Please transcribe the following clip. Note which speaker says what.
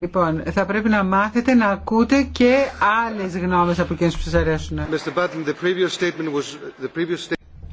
Speaker 1: Λοιπόν, θα πρέπει να μάθετε να ακούτε και άλλες γνώμες από εκείνους που σας αρέσουν.